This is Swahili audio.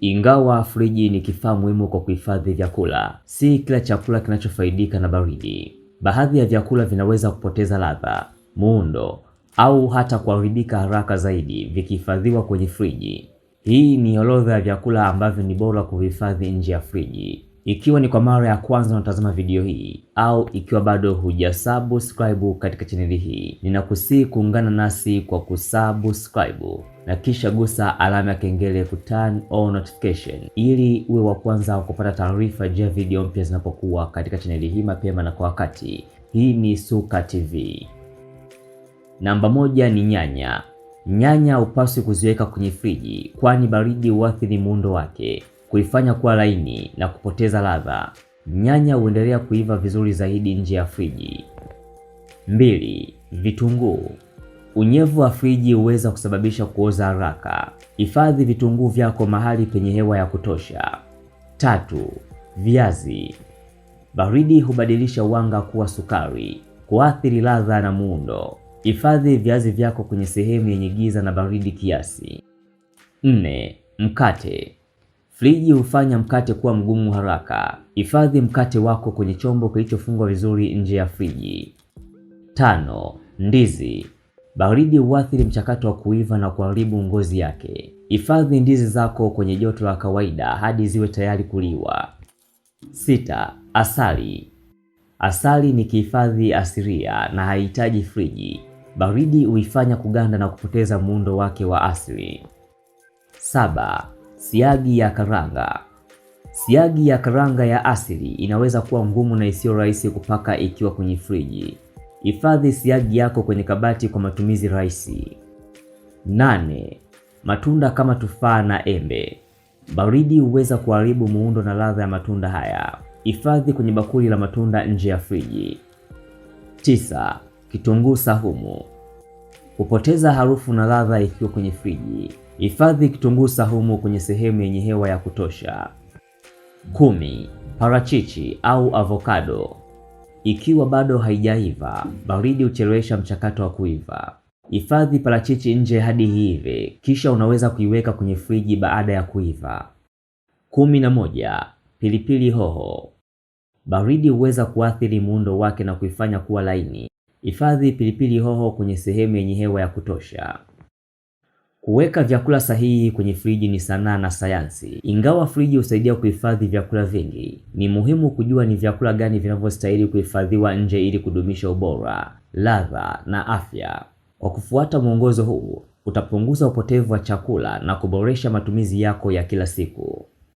Ingawa friji ni kifaa muhimu kwa kuhifadhi vyakula, si kila chakula kinachofaidika na baridi. Baadhi ya vyakula vinaweza kupoteza ladha, muundo au hata kuharibika haraka zaidi vikihifadhiwa kwenye friji. Hii ni orodha ya vyakula ambavyo ni bora kuhifadhi nje ya friji. Ikiwa ni kwa mara ya kwanza unatazama video hii au ikiwa bado hujasubscribe katika chaneli hii, ninakusihi kuungana nasi kwa kusubscribe na kisha gusa alama ya kengele ku turn on notification ili uwe wa kwanza kupata taarifa juu ya video mpya zinapokuwa katika chaneli hii mapema na kwa wakati. Hii ni Suka TV. Namba moja ni nyanya. Nyanya hupaswi kuziweka kwenye friji, kwani baridi huathiri muundo wake kuifanya kuwa laini na kupoteza ladha. Nyanya huendelea kuiva vizuri zaidi nje ya friji. Mbili, vitunguu. Unyevu wa friji huweza kusababisha kuoza haraka. Hifadhi vitunguu vyako mahali penye hewa ya kutosha. Tatu, viazi. Baridi hubadilisha wanga kuwa sukari, kuathiri ladha na muundo. Hifadhi viazi vyako kwenye sehemu yenye giza na baridi kiasi. Nne, mkate. Friji hufanya mkate kuwa mgumu haraka. Hifadhi mkate wako kwenye chombo kilichofungwa vizuri nje ya friji. Tano, ndizi. Baridi huathiri mchakato wa kuiva na kuharibu ngozi yake. Hifadhi ndizi zako kwenye joto la kawaida hadi ziwe tayari kuliwa. Sita, asali. Asali ni kihifadhi asilia na haihitaji friji. Baridi huifanya kuganda na kupoteza muundo wake wa asili. Saba, Siagi ya karanga. Siagi ya karanga ya asili inaweza kuwa ngumu na isiyo rahisi kupaka ikiwa kwenye friji. Hifadhi siagi yako kwenye kabati kwa matumizi rahisi. Nane, matunda kama tufaa na embe. Baridi huweza kuharibu muundo na ladha ya matunda haya. Hifadhi kwenye bakuli la matunda nje ya friji. Tisa, kitunguu saumu. Hupoteza harufu na ladha ikiwa kwenye friji. Hifadhi kitunguu saumu kwenye sehemu yenye hewa ya kutosha. Kumi, parachichi au avocado ikiwa bado haijaiva, baridi huchelewesha mchakato wa kuiva. Hifadhi parachichi nje hadi hivi, kisha unaweza kuiweka kwenye friji baada ya kuiva. Kumi na moja, pilipili hoho. Baridi huweza kuathiri muundo wake na kuifanya kuwa laini. Hifadhi pilipili hoho kwenye sehemu yenye hewa ya kutosha. Kuweka vyakula sahihi kwenye friji ni sanaa na sayansi. Ingawa friji husaidia kuhifadhi vyakula vingi, ni muhimu kujua ni vyakula gani vinavyostahili kuhifadhiwa nje ili kudumisha ubora, ladha na afya. Kwa kufuata mwongozo huu, utapunguza upotevu wa chakula na kuboresha matumizi yako ya kila siku.